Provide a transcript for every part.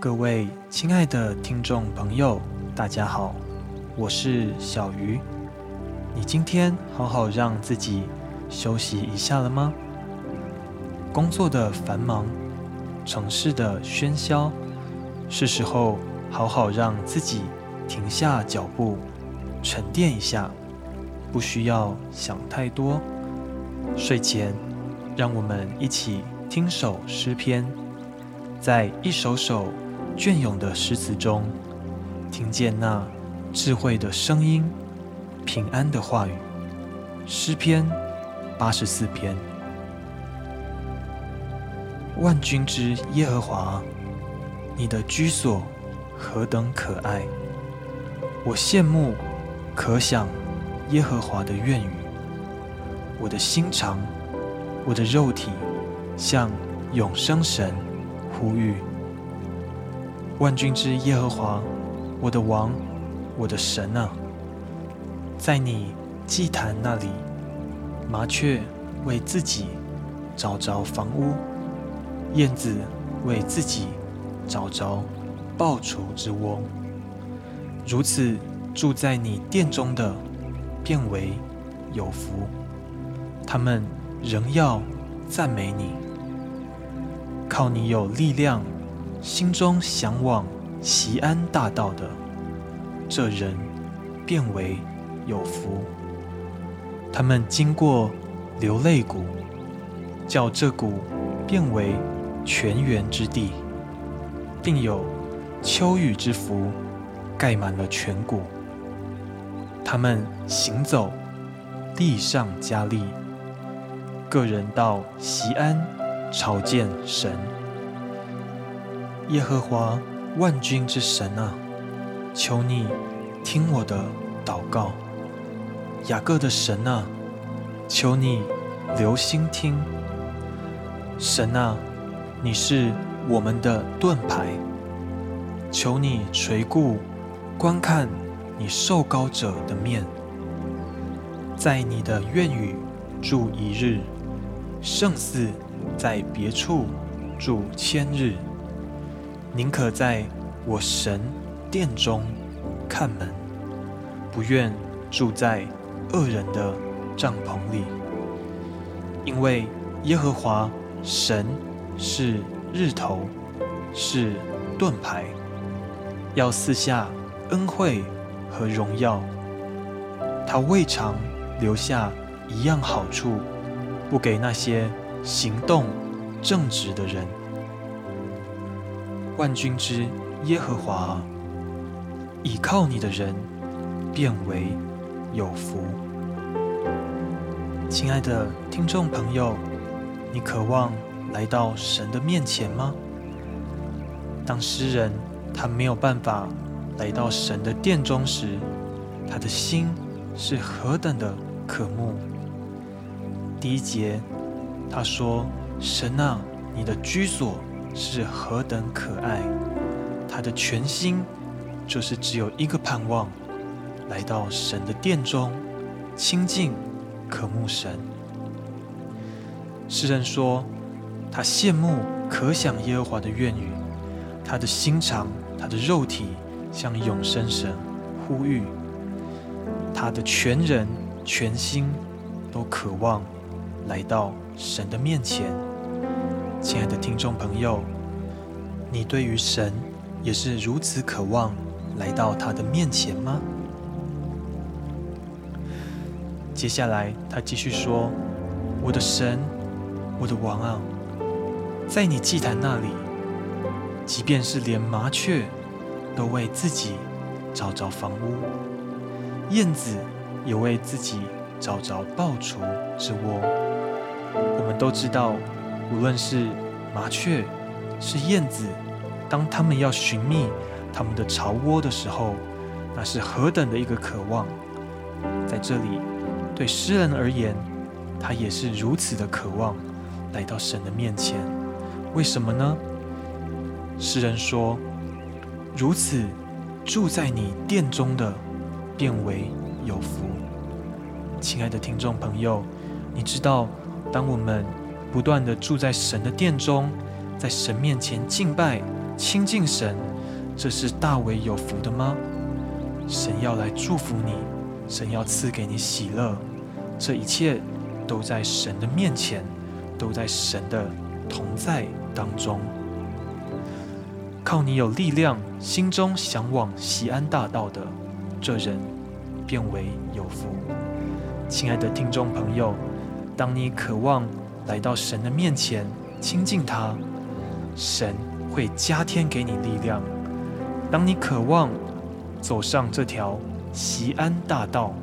各位親愛的聽眾朋友，大家好，我是小魚。你今天好好讓自己休息一下了嗎？工作的繁忙，城市的喧囂，是時候好好讓自己停下腳步，沉澱一下。不需要想太多。睡前，讓我們一起。聽首詩篇，在一首首雋永的詩詞中，聽見那智慧的聲音、平安的話語。詩篇八十四篇：萬軍之耶和華，你的居所何等可愛！我羨慕、渴想耶和華的院宇。我的心腸，我的肉體。向永生神呼籲，萬軍之耶和華，我的王，我的神啊，在你祭壇那裡，麻雀為自己找着房屋，燕子為自己找着抱雛之窩，如此住在你殿中的，便為有福，他們仍要讚美你。靠你有力量，心中嚮往錫安大道的這人，便為有福。他們經過流淚谷，叫這谷變為泉源之地，並有秋雨之福，蓋滿了全谷。他們行走，力上加力。個人到錫安。朝見神，耶和華萬軍之神啊，求你聽我的禱告。雅各的神啊，求你留心聽。神啊，你是我們的盾牌，求你垂顧觀看你受膏者的面，在你的院宇住一日，勝似。在別處住千日，寧可在我神殿中看門，不願住在惡人的帳篷裡。因為耶和華神是日頭，是盾牌，要賜下恩惠和榮耀。他未嘗留下一樣好處，不給那些。行動正直的人，萬軍之耶和華倚靠你的人，便為有福。親愛的聽眾朋友，你渴望來到神的面前嗎？當詩人他沒有辦法來到神的殿中時，他的心是何等的渴慕。第一節。他說：“神啊，你的居所是何等可愛！他的全心就是只有一個盼望，來到神的殿中，親近、渴慕神。”詩人說：“他羨慕、渴想耶和華的院宇，他的心腸、他的肉體向永生神呼籲，他的全人、全心都渴望來到。”神的面前，親愛的聽眾朋友，你對於神也是如此渴望來到他的面前嗎？接下來他繼續說：“我的神，我的王啊，在你祭壇那裡，即便是連麻雀都為自己找着房屋，燕子也為自己找着菢雛之窩。”我們都知道，無論是麻雀，是燕子，當他們要尋覓他們的巢窩的時候，那是何等的一個渴望。在這裡，對詩人而言，他也是如此的渴望來到神的面前。為什麼呢？詩人說：“如此住在你殿中的，便為有福。”親愛的聽眾朋友，你知道。當我們不斷地住在神的殿中，在神面前敬拜、親近神，這是大為有福的嗎？神要來祝福你，神要賜給你喜樂，這一切都在神的面前，都在神的同在當中。靠你有力量，心中向往錫安大道的這人，便為有福。親愛的聽眾朋友。當你渴望來到神的面前親近他，神會加添給你力量；當你渴望走上這條錫安大道，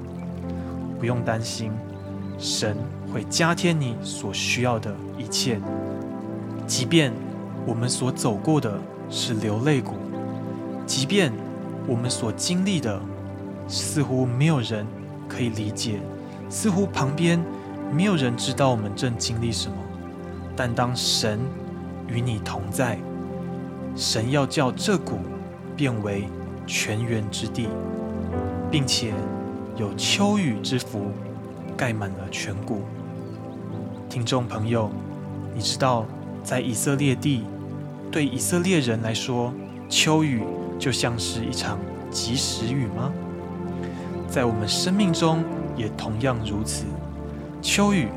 不用擔心，神會加添你所需要的一切。即便我們所走過的是流淚谷，即便我們所經歷的似乎沒有人可以理解，似乎旁邊。沒有人知道我們正經歷什麼，但當神與你同在，神要叫這谷變為泉源之地，並且有秋雨之福蓋滿了全谷。聽眾朋友，你知道在以色列地，對以色列人來說，秋雨就像是一場及時雨嗎？在我們生命中也同樣如此。秋雨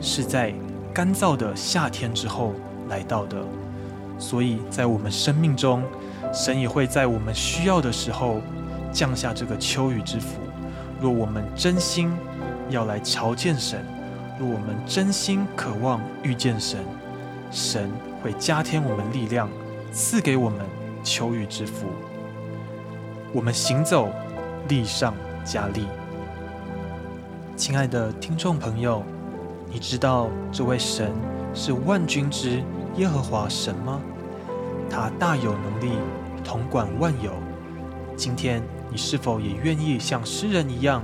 是在乾燥的夏天之後來到的，所以在我們生命中，神也會在我們需要的時候降下這個秋雨之福。若我們真心要來朝見神，若我們真心渴望遇見神，神會加添我們力量，賜給我們秋雨之福。我們行走，力上加力。親愛的聽眾朋友，你知道這位神是萬軍之耶和華神嗎？他大有能力，統管萬有。今天你是否也願意像詩人一樣，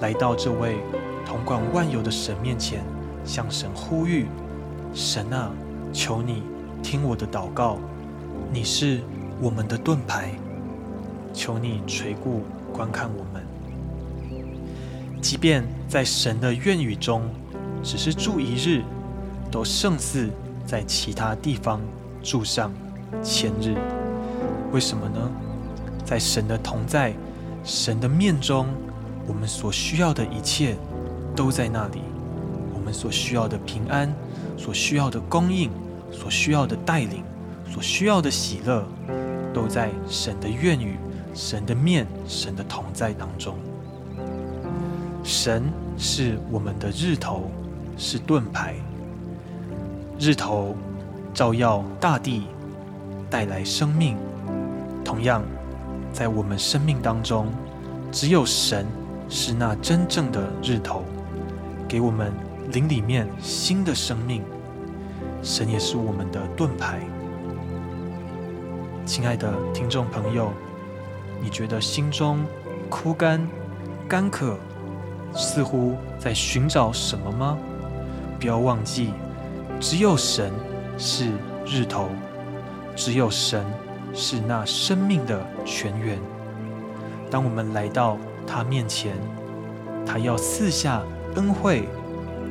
來到這位統管萬有的神面前，向神呼籲？神啊，求你聽我的禱告。你是我們的盾牌，求你垂顧觀看我們。即便在神的院宇中，只是住一日，都勝似在其他地方住上千日。為什麼呢？在神的同在、神的面中，我們所需要的一切都在那裡。我們所需要的平安、所需要的供應、所需要的帶領、所需要的喜樂，都在神的院宇、神的面、神的同在當中。神是我們的日頭，是盾牌。日頭照耀大地，帶來生命。同樣，在我們生命當中，只有神是那真正的日頭，給我們靈裡面新的生命。神也是我們的盾牌。親愛的聽眾朋友，你覺得心中枯乾、乾渴？似乎在尋找什麼嗎？不要忘記，只有神是日頭，只有神是那生命的泉源。當我們來到他面前，他要賜下恩惠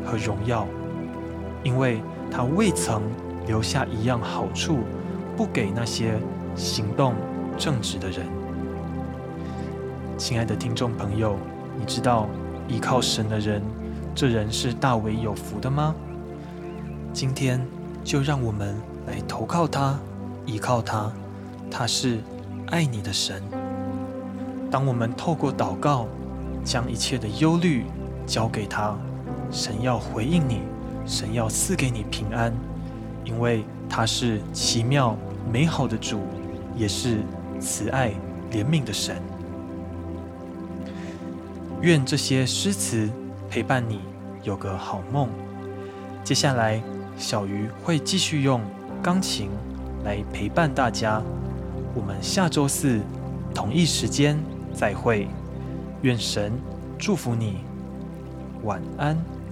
和榮耀，因為他未曾留下一樣好處不給那些行動正直的人。親愛的聽眾朋友，你知道。依靠神的人，這人是大為有福的嗎？今天就讓我們來投靠他，依靠他，他是愛你的神。當我們透過禱告，將一切的憂慮交給他，神要回應你，神要賜給你平安，因為他是奇妙美好的主，也是慈愛憐憫的神。願這些詩詞陪伴你有個好夢。接下來，小魚會繼續用鋼琴來陪伴大家。我們下週四同一時間再會。願神祝福你，晚安。